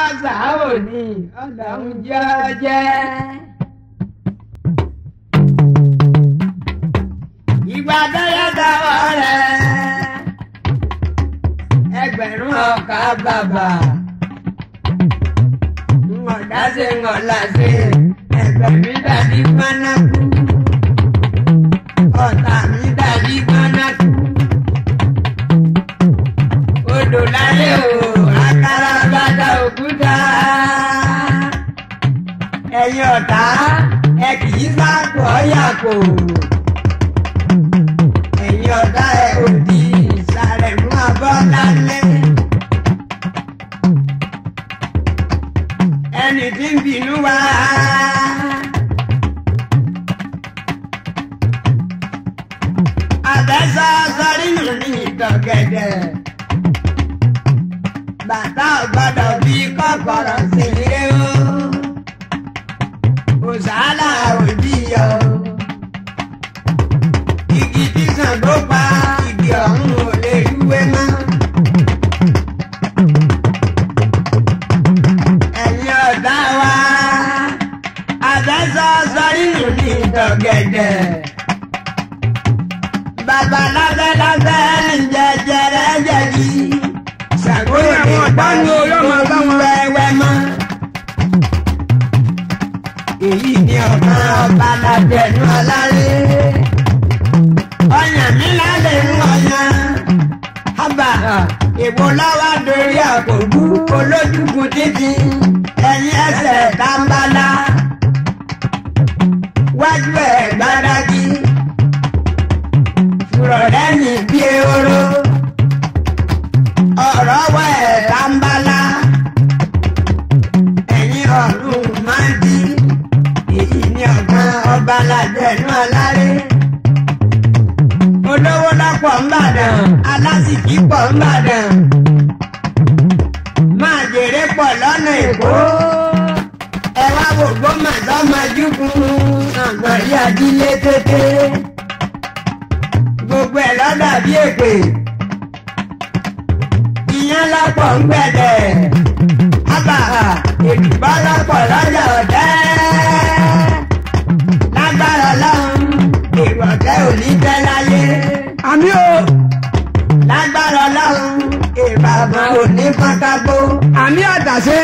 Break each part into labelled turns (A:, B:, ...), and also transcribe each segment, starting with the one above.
A: ọ̀sà òní ọ̀dà ń jẹ́ ọjẹ́. ìgbà dáyàtà ọ̀rẹ́ ẹgbẹ̀rún ọkà bàbà ńọ̀dáṣe ńọ̀láṣe ẹgbẹ̀mí dàbí pánákú ọ̀tà mi dàbí ẹ̀yin ọ̀tá ẹ kì í sáàkù ọ̀yà kò. ọ̀gẹ̀dẹ̀. Bàbá lábẹ́lábẹ́ jẹjẹrẹ jẹbi. Ṣàkóso ìpanu olómọbọ́n wẹ́wẹ́ mọ́. Èyí ni ọ̀gá ọba lábẹ́nu ọláré. Ọyàn mi lálẹ́ ń ọyàn. Hábà ah. èwo lọ́wọ́ dorí àpò bú olójúkun títí. mi bí ehoro ọ̀rọ̀ wọ ẹ̀ bámbálá ẹ̀yin ọ̀run máa di èyí ni ọ̀gbọ́n ọba ládẹ́nu aláré olówó lápọ̀ ńbàdàn alásìkí pọ̀ ńbàdàn máa jèrè pọ̀ lọ́nà èkó ẹ wá wò gbọ́mọ̀ lọ́mọ jùkú àgbọ̀n yí ajílé tètè gbogbo ẹ̀ lọ́dà bí èdè ìyẹn lápọ̀ ń gbẹ̀dẹ̀ abàhà èdìbá lápọ̀ lọ́jà ọ̀dẹ́ lágbára lọ́hùn ìrọ̀lẹ́ òní bẹ́ láyé. àmì o. lágbára lọ́hùn ìbàbà òní pátákó. àmì àtàṣe.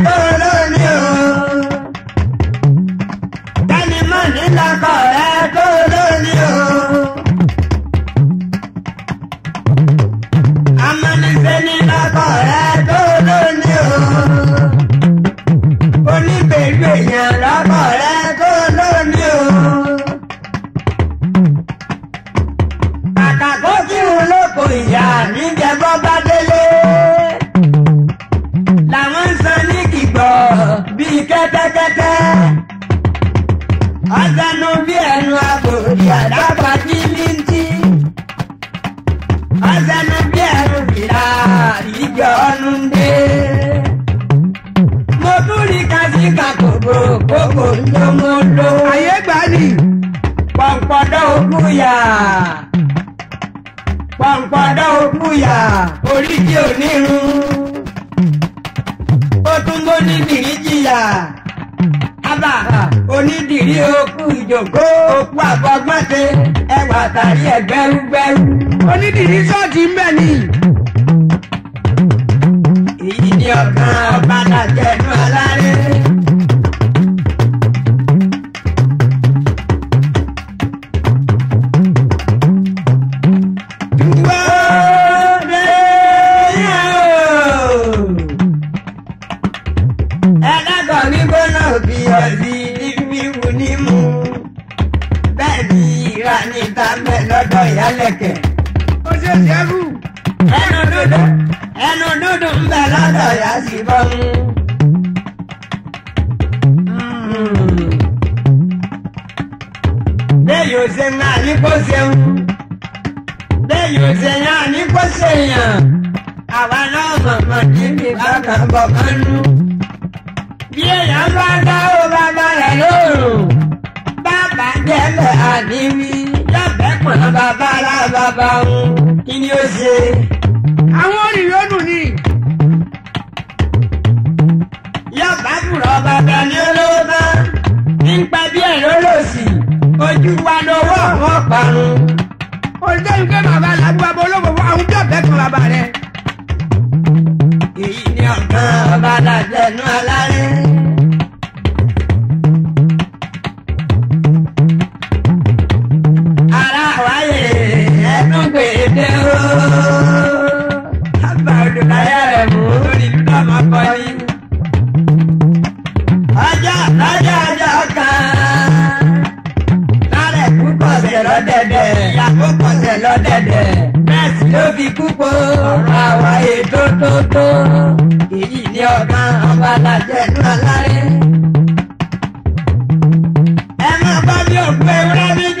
A: ògbómò lómóló. ayé gbani. pọ̀npọ̀dọ̀ òkúyà. pọ̀npọ̀dọ̀ òkúyà. oríṣi onírun. ó tún gbó ní dìrí jìyà. ábà onídìrí okú ìjòkó okú àfọgbọ́nṣe ẹwà tàrí ẹ̀ gbẹ́rúgbẹ́rú. onídìrí sọ́ọ̀tì ń bẹ̀ ni èyí ni ọkàn ọba làjẹnu alárẹ. ní wí yàgbẹ́ pọ̀nà bàbá rà bàbá òun kí ni ó ṣe. àwọn olùyọ́nù ni. yàgbá kùrọ̀ bàbá ni olówó bá ní ń pa bí ẹ̀rọ lòsì ojú wa lọ́wọ́ àwọn ọ̀parun. olùdókòwò pé bàbá làbúgbà bọ́ olóògbé àwọn bí ọ̀bẹ kan bàbá rẹ̀. èyí ni ọ̀kan ọba dàbí ẹnu alárẹ̀. pè é dẹ́rọ́. Àgbà olùdáyà rẹ̀ mú ìlú náà máa kọ́ ní. Ajá ajá ajá kan. Lárẹ̀ púpọ̀ sẹ̀ lọ́dẹ̀dẹ̀. Ìyàwó pọ̀ sẹ̀ lọ́dẹ̀dẹ̀. Bẹ́ẹ̀sì ló fi púpọ̀ ọ̀rọ̀ àwa ètò tó tó. Èyí ni ọ̀gá ọba làjẹ́ nù alárẹ̀. Ẹ máa bá bí òkú ewúrẹ́ bí jẹ́.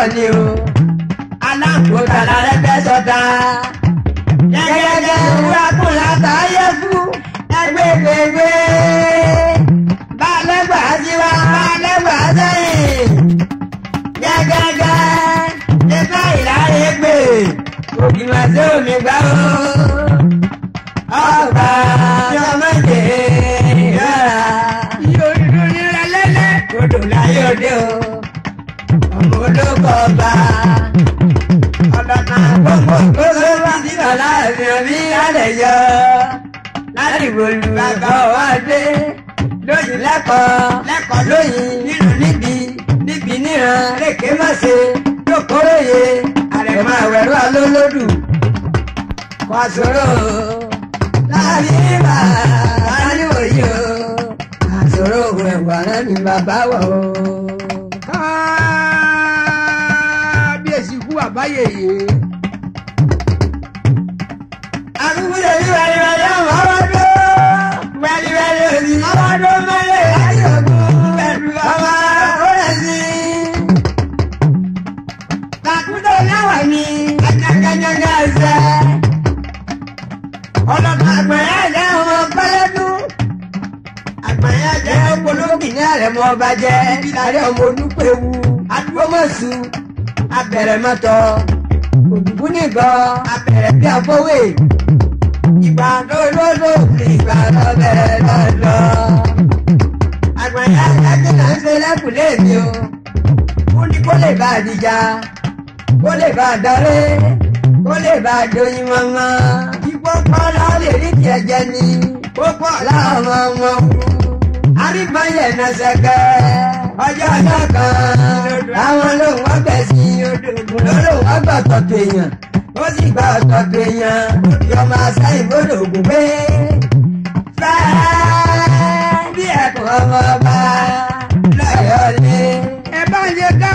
A: náà ni o aláǹkóta lárẹ́gbẹ́ sọ̀tà gẹ́gẹ́gẹ́ ìwúrà kùn látàáyé fún ẹgbẹ́ gbègbè bá a lẹ́gbàá sí wa bá a lẹ́gbàá sẹ́yìn gẹ́gẹ́gẹ́ nípa ìlàyé gbè ògìmọ̀ sí omi gbà ó ọba ọmọdé yọra yóò dúró nílẹ̀ lẹ́lẹ́ odò láyé òde o olóko ọba. Ọ̀dọ̀nà gbogbo gbogbo wá nígbà láàrin omi lálẹ́ yọ. Láti wòlù bàbá ọwọ́ dé. Lóyìn lẹ́kọ̀ọ́ lẹ́kọ̀ọ́ lóyìn nínú níbi níbi níran lékè má ṣe lókòróye àrẹ̀mọ àwẹ̀rọ alólódù. Wàásùrò láàrin bàbá ní òye o. Àsòrò òwò ẹ̀wà rẹ̀ ni bàbá wọ̀ Fáyèyè. àkúkúyè ní wẹ̀lìwẹ̀lì àwọn ọmọdé wẹ̀lìwẹ̀lì òní ọmọdé mẹ́lẹ̀ láti ògùn pẹ̀lú ọmọ ọ̀rẹ́ sí. kàkúndé náwà ní gẹ́gẹ́gẹ́gẹ́ ẹsẹ̀ ọlọ́pàá àgbẹ̀yà jẹ́ ọmọ pẹ́lẹ́dú àgbẹ̀yà jẹ́ ọpọlọ́gbìn ní àrẹ̀mọ́ ọba jẹ́ àrẹ̀ ọmọ olúpẹ̀wù adúgbòmọ̀sù abẹ̀rẹ̀mọ́tọ̀ òdùbúnìgọ̀ abẹ̀rẹ̀ bí afọwé ìgbà lólóló ìgbà lọ́bẹ̀rẹ̀ lọ́lọ́ àgbàyà àti náà ń ṣe lẹ́kùnlé mi o mo ní kó lè bá àdìjà kó lè bá àdáré kó lè bá àdóyin mọ́mọ́ ìgbọ́ pọ́lá lè rí tiẹ̀ jẹ ni ó pọ̀ láwọn ọmọ ọmọ ọmọ àríbáyẹ̀ náà ṣẹ̀kẹ́ ọjọ́ ọjọ́ kan àwọn lòun wá gbẹ̀sí lọ́lọ́ wá gbà tọ̀tọ̀ èèyàn ó sì gbà tọ̀tọ̀ èèyàn yọ máa sáyìn bọ́dọ̀ ògùn pé fẹ́ bí ẹ̀kọ́ ọmọ ọba lọ́yọ̀ lé. ẹ bá ń ṣe ká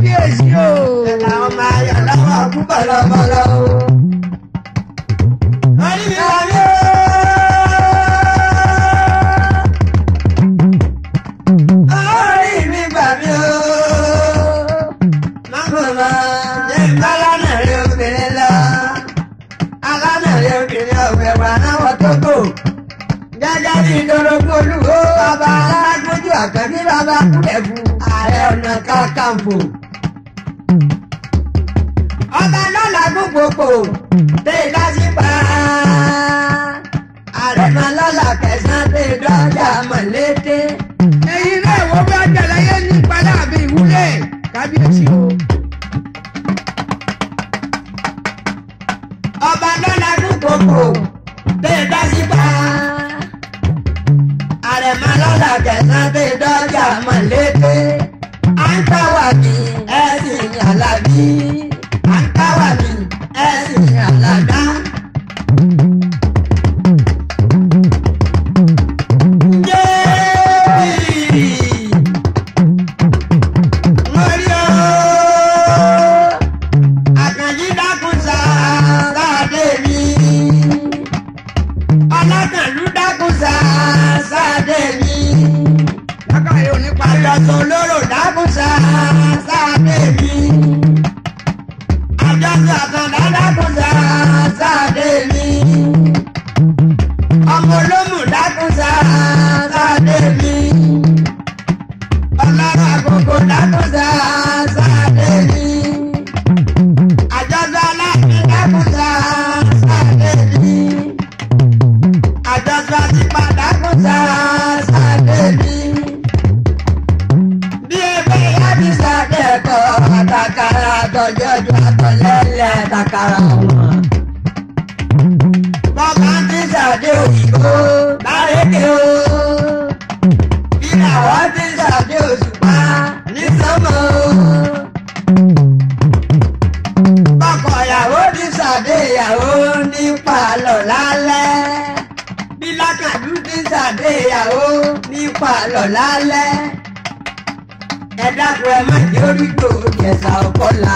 A: bí
B: èsì o. ẹ̀ka ọmọ ayọ̀ lọ́wọ́ púpọ̀ lọ́wọ́ lọ́wọ́.
A: ìdọ̀rọ̀ gbólúwó bàbá alágbójú àkànní bàbá ẹ̀bù ààrẹ ọ̀nà kakanfò. ọba lọ́la gbogbogbò tẹ̀ lásìpá ààrẹ máa lọ́la kẹsàn-án tẹ̀ dọ́jà mọ̀lété. ẹ̀yin náà wo bí ọjà láyé ní ìpadà àbí ìwúlẹ̀ kábíyèsí o. ọba lọ́la gbogbogbò tẹ̀ lásìpá alàjẹ̀sáde dọ́jà mọ̀lẹ́dẹ́ à ń tàwàdì ẹ̀sìn lọ lálẹ́ ẹ dákun ẹ má jẹ́ orígbò jẹ̀sà ọ̀kọ́là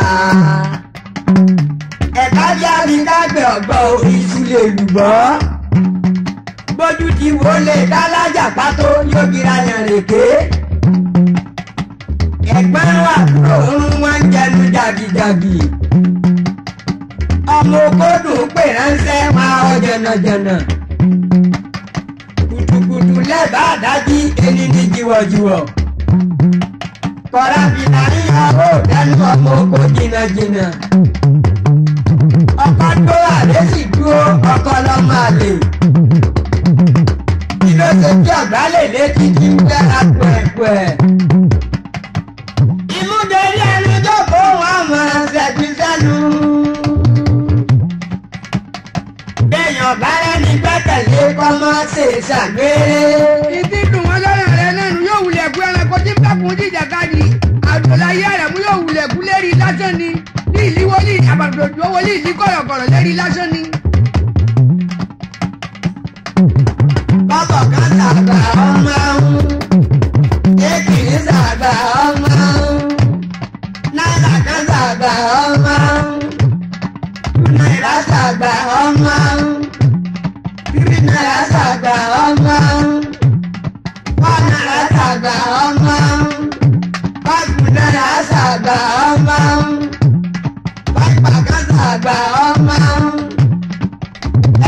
A: ẹ̀ka jáde dágbẹ̀ ọ̀gbọ́n iṣu lè lùbọ́ bójú ti wo lè dá lájà pátó yóò gira yàn lèké ẹ̀gbọ́n wà òun wọn jẹnu jàgìjàgì ọmọ okòdùn pè ránṣẹ́ wọn àwọn jẹnàjẹnà ilẹ̀ bá dájí ẹni ní jíwọ́jíwọ́. kọ́ra fìlà ìyàwó dẹnu ọmọ oko jìnnàjìnnà. ọkọ tó àlè sì dúró ọkọ lọ́mọ àlè. kí ló ṣe kí ọ̀gá lè létí kí n fẹ́ apò ẹ̀pọ̀ ẹ̀. ìmúdélé ẹnu jókòó wọn mọ̀ ṣẹ̀jú sẹ́nu. èèyàn bára ní gbẹ́kẹ̀lé kọ́ máa ṣe ṣàgbére. ìdí dùn wọn lọ́rọ̀ rẹ lẹ́nu yóò wulẹ̀ gún ẹranko tí bẹ́kùn jíjà káàdì àdùnláyé rẹ̀ mú yóò wulẹ̀ gún lérí lásán ni ní ìlíwọ́ ní àbàdòdò wọlé ìlí kọ̀rọ̀kọ̀rọ̀ lérí lásán ni. bọ́bọ̀ kan sàgbà ọmọ ọ̀hún èkìrí sàgbà ọmọ ọ̀hún náírà kan sàgbà ọmọ ọ̀hún náírà sàgbà ọmọ ọ̀hún látàgbà ọmọ bọ́nà látàgbà ọmọ
B: bàgùdà
A: látàgbà ọmọ bàgbàgà tàgbà ọmọ.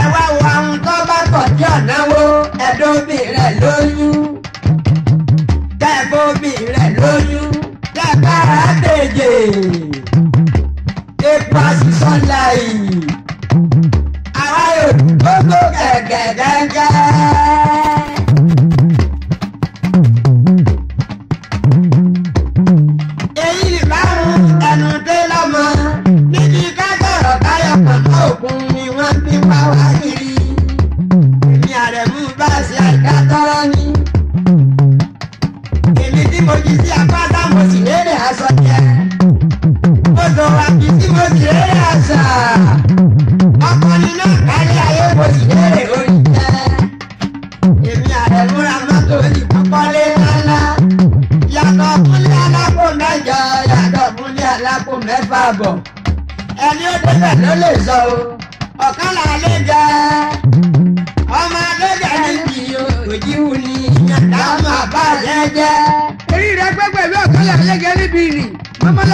A: ẹ wá wo àwọn tó bá kọjú ọ̀náwó ẹ̀dọ́bì rẹ̀ lóyún dẹ́gbọ́bì rẹ̀ lóyún dẹ́gbàrà déje dé pàṣẹ sọ́nláì. da da da.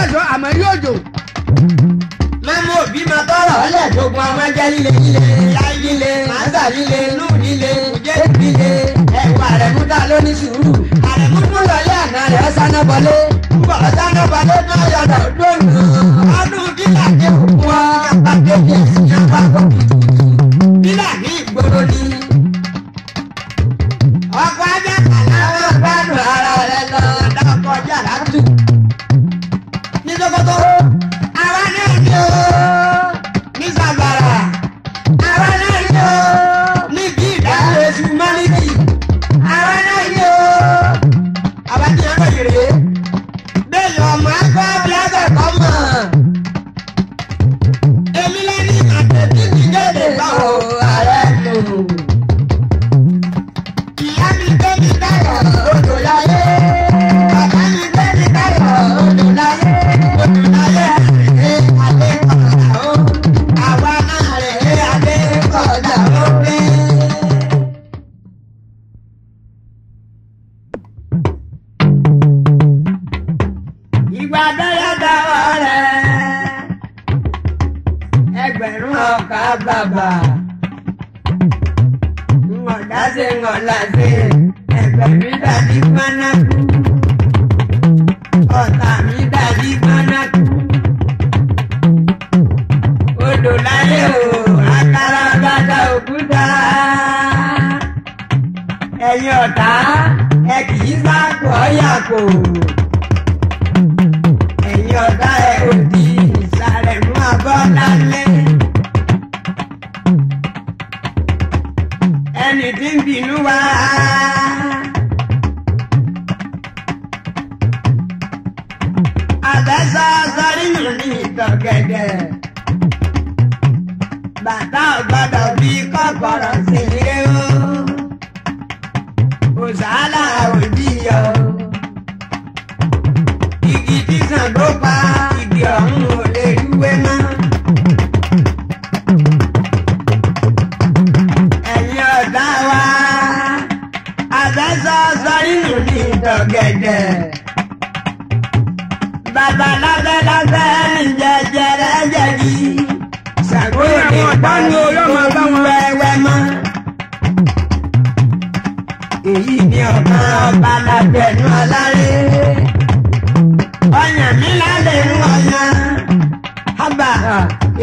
A: lẹ́jọ́ àmọ́ yóò jò. mẹ́mú òbí máa tọrọ ọ́ lẹ́jọ́ gun àwọn ẹja líle líle láì líle màásà líle lù líle. gbóná. Ọ̀tá mi dàbí gbóná. o, àkàrà gbàgbà òkúta. Ẹ̀yin ọ̀tá, ẹ kì í sá kọ́ yàgò. padà tá a gbọ́dọ̀ fi kọ́kọ́rọ́ sílé o. kò sálà òdìyọ. igi tí Ṣàngó pa.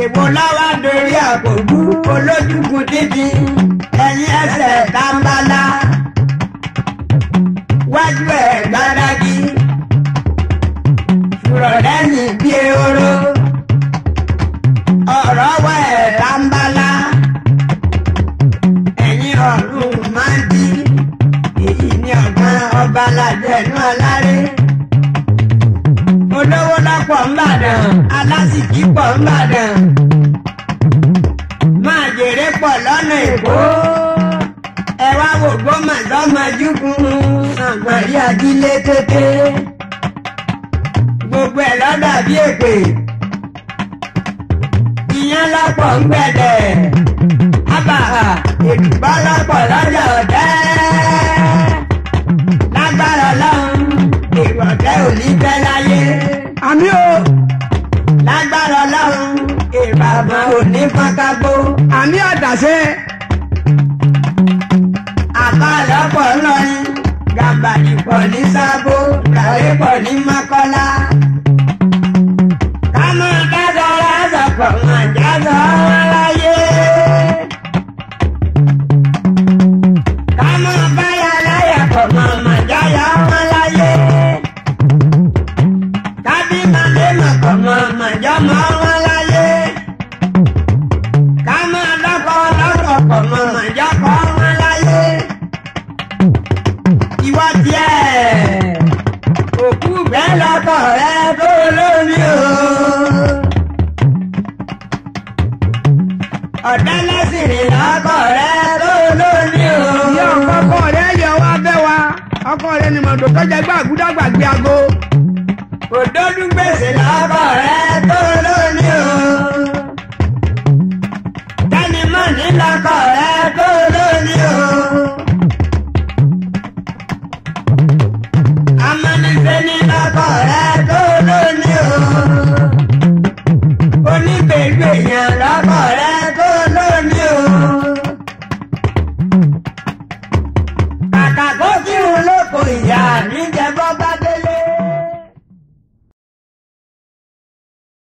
A: èwo lọ́wọ́ dorí àpò bú olójúkun dídín ẹ̀yìn ẹsẹ̀ tá ń èkó ẹ wá wò gbọ́mà lọ́mà júkùn àgbọ̀rí àdílé tètè gbogbo ẹ̀ lọ́dà bí èpè ìyẹn lápọ̀ ń gbẹ̀dẹ̀ abàhà ètùbá lápọ̀ lọ́dà ọ̀dẹ́ lágbára ọlọ́run èrò ọ̀dẹ́ ò ní bẹ́ láyé. àmì o. lágbára ọlọ́run èrò àmọ́ ò ní fọ́nkábó. àmì ọ̀dà Màmá lọ́pọ̀ ńlọrin, gàmbàlì pọ̀ ní Sábó, kàwé pọ̀ ní Mákọ́lá. ẹnìmọ̀tò tọ́jà gbàgúdàgbà gbé aago. òdòdó gbèsè lábàárẹ̀.